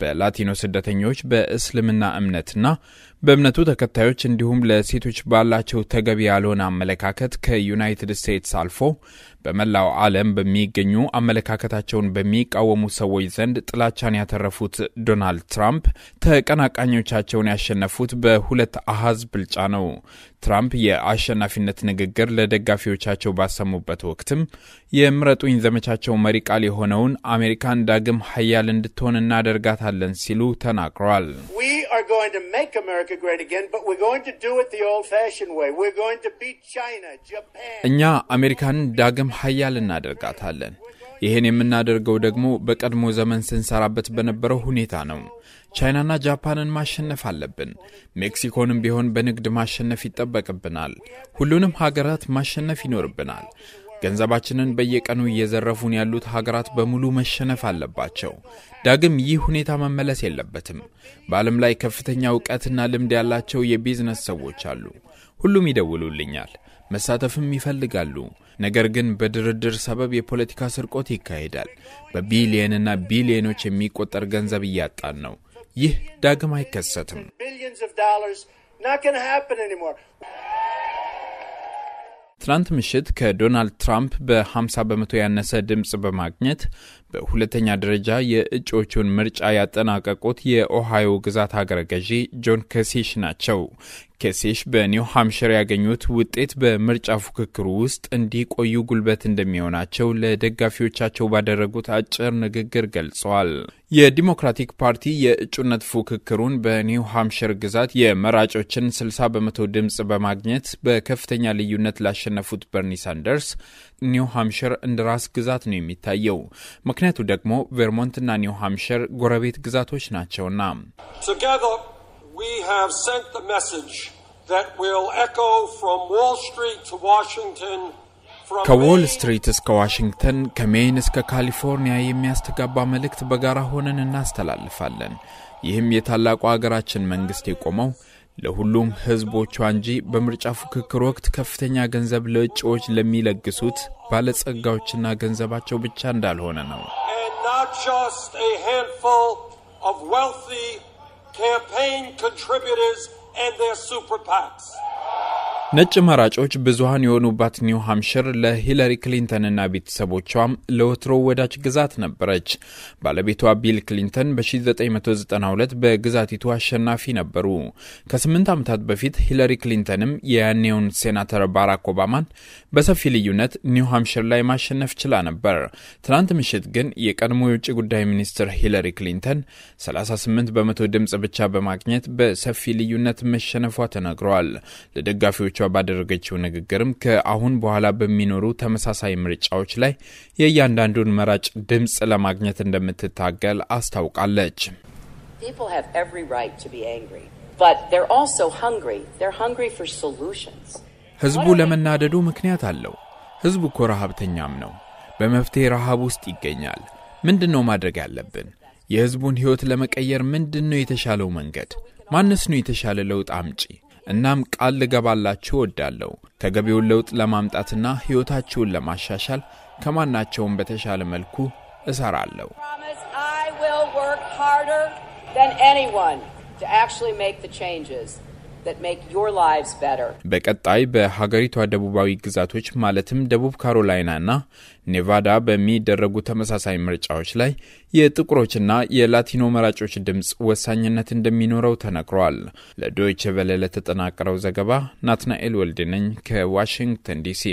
በላቲኖ ስደተኞች በእስልምና እምነትና በእምነቱ ተከታዮች እንዲሁም ለሴቶች ባላቸው ተገቢ ያልሆነ አመለካከት ከዩናይትድ ስቴትስ አልፎ በመላው ዓለም በሚገኙ አመለካከታቸውን በሚቃወሙ ሰዎች ዘንድ ጥላቻን ያተረፉት ዶናልድ ትራምፕ ተቀናቃኞቻቸውን ያሸነፉት በሁለት አሃዝ ብልጫ ነው። ትራምፕ የአሸናፊነት ንግግር ለደጋፊዎቻቸው ባሰሙበት ወቅትም የምረጡኝ ዘመቻቸው መሪ ቃል የሆነውን አሜሪካን ዳግም ሀያል እንድትሆን እናደርጋታለን እናመጣታለን ሲሉ ተናግረዋል። እኛ አሜሪካንን ዳግም ሀያል እናደርጋታለን። ይህን የምናደርገው ደግሞ በቀድሞ ዘመን ስንሰራበት በነበረው ሁኔታ ነው። ቻይናና ጃፓንን ማሸነፍ አለብን። ሜክሲኮንም ቢሆን በንግድ ማሸነፍ ይጠበቅብናል። ሁሉንም ሀገራት ማሸነፍ ይኖርብናል። ገንዘባችንን በየቀኑ እየዘረፉን ያሉት ሀገራት በሙሉ መሸነፍ አለባቸው። ዳግም ይህ ሁኔታ መመለስ የለበትም። በዓለም ላይ ከፍተኛ እውቀትና ልምድ ያላቸው የቢዝነስ ሰዎች አሉ። ሁሉም ይደውሉልኛል፣ መሳተፍም ይፈልጋሉ። ነገር ግን በድርድር ሰበብ የፖለቲካ ስርቆት ይካሄዳል። በቢሊየንና ቢሊየኖች የሚቆጠር ገንዘብ እያጣን ነው። ይህ ዳግም አይከሰትም። ትናንት ምሽት ከዶናልድ ትራምፕ በ50 በመቶ ያነሰ ድምፅ በማግኘት በሁለተኛ ደረጃ የእጩዎቹን ምርጫ ያጠናቀቁት የኦሃዮ ግዛት አገረ ገዢ ጆን ከሴሽ ናቸው። ከሴሽ በኒው ሃምሽር ያገኙት ውጤት በምርጫ ፉክክሩ ውስጥ እንዲቆዩ ጉልበት እንደሚሆናቸው ለደጋፊዎቻቸው ባደረጉት አጭር ንግግር ገልጸዋል። የዲሞክራቲክ ፓርቲ የእጩነት ፉክክሩን በኒው ሃምሽር ግዛት የመራጮችን 60 በመቶ ድምፅ በማግኘት በከፍተኛ ልዩነት ላሸነፉት በርኒ ሳንደርስ ኒው ሃምሽር እንደ ራስ ግዛት ነው የሚታየው። ምክንያቱ ደግሞ ቬርሞንትና ኒው ሃምሽር ጎረቤት ግዛቶች ናቸውና። ከዎል ስትሪት እስከ ዋሽንግተን ከሜይን እስከ ካሊፎርኒያ የሚያስተጋባ መልእክት በጋራ ሆነን እናስተላልፋለን። ይህም የታላቁ አገራችን መንግስት የቆመው ለሁሉም ህዝቦቿ እንጂ በምርጫ ፉክክር ወቅት ከፍተኛ ገንዘብ ለእጩዎች ለሚለግሱት ባለጸጋዎችና ገንዘባቸው ብቻ እንዳልሆነ ነው። of wealthy campaign contributors and ነጭ መራጮች ብዙሀን የሆኑባት ኒው ሃምሽር ለሂለሪ ክሊንተንና ቤተሰቦቿም ለወትሮ ወዳጅ ግዛት ነበረች። ባለቤቷ ቢል ክሊንተን በ1992 በግዛቲቱ አሸናፊ ነበሩ። ከስምንት ዓመታት በፊት ሂለሪ ክሊንተንም የያኔውን ሴናተር ባራክ ኦባማን በሰፊ ልዩነት ኒው ሃምሽር ላይ ማሸነፍ ችላ ነበር። ትናንት ምሽት ግን የቀድሞ የውጭ ጉዳይ ሚኒስትር ሂለሪ ክሊንተን 38 በመቶ ድምፅ ብቻ በማግኘት በሰፊ ልዩነት መሸነፏ ተነግሯል። ለደጋፊዎች በመክፈቻዋ ባደረገችው ንግግርም ከአሁን በኋላ በሚኖሩ ተመሳሳይ ምርጫዎች ላይ የእያንዳንዱን መራጭ ድምፅ ለማግኘት እንደምትታገል አስታውቃለች። ህዝቡ ለመናደዱ ምክንያት አለው። ህዝቡ እኮ ረሃብተኛም ነው። በመፍትሄ ረሃብ ውስጥ ይገኛል። ምንድን ነው ማድረግ ያለብን? የህዝቡን ሕይወት ለመቀየር ምንድን ነው የተሻለው መንገድ? ማነስ ነው የተሻለ ለውጥ አምጪ? እናም ቃል ልገባላችሁ እወዳለሁ ተገቢውን ለውጥ ለማምጣትና ሕይወታችሁን ለማሻሻል ከማናቸውም በተሻለ መልኩ እሰራለሁ። to actually make the changes. በቀጣይ በሀገሪቷ ደቡባዊ ግዛቶች ማለትም ደቡብ ካሮላይናና ኔቫዳ በሚደረጉ ተመሳሳይ ምርጫዎች ላይ የጥቁሮችና የላቲኖ መራጮች ድምፅ ወሳኝነት እንደሚኖረው ተነግሯል። ለዶይቼ ቬለ ለተጠናቀረው ዘገባ ናትናኤል ወልድነኝ ከዋሽንግተን ዲሲ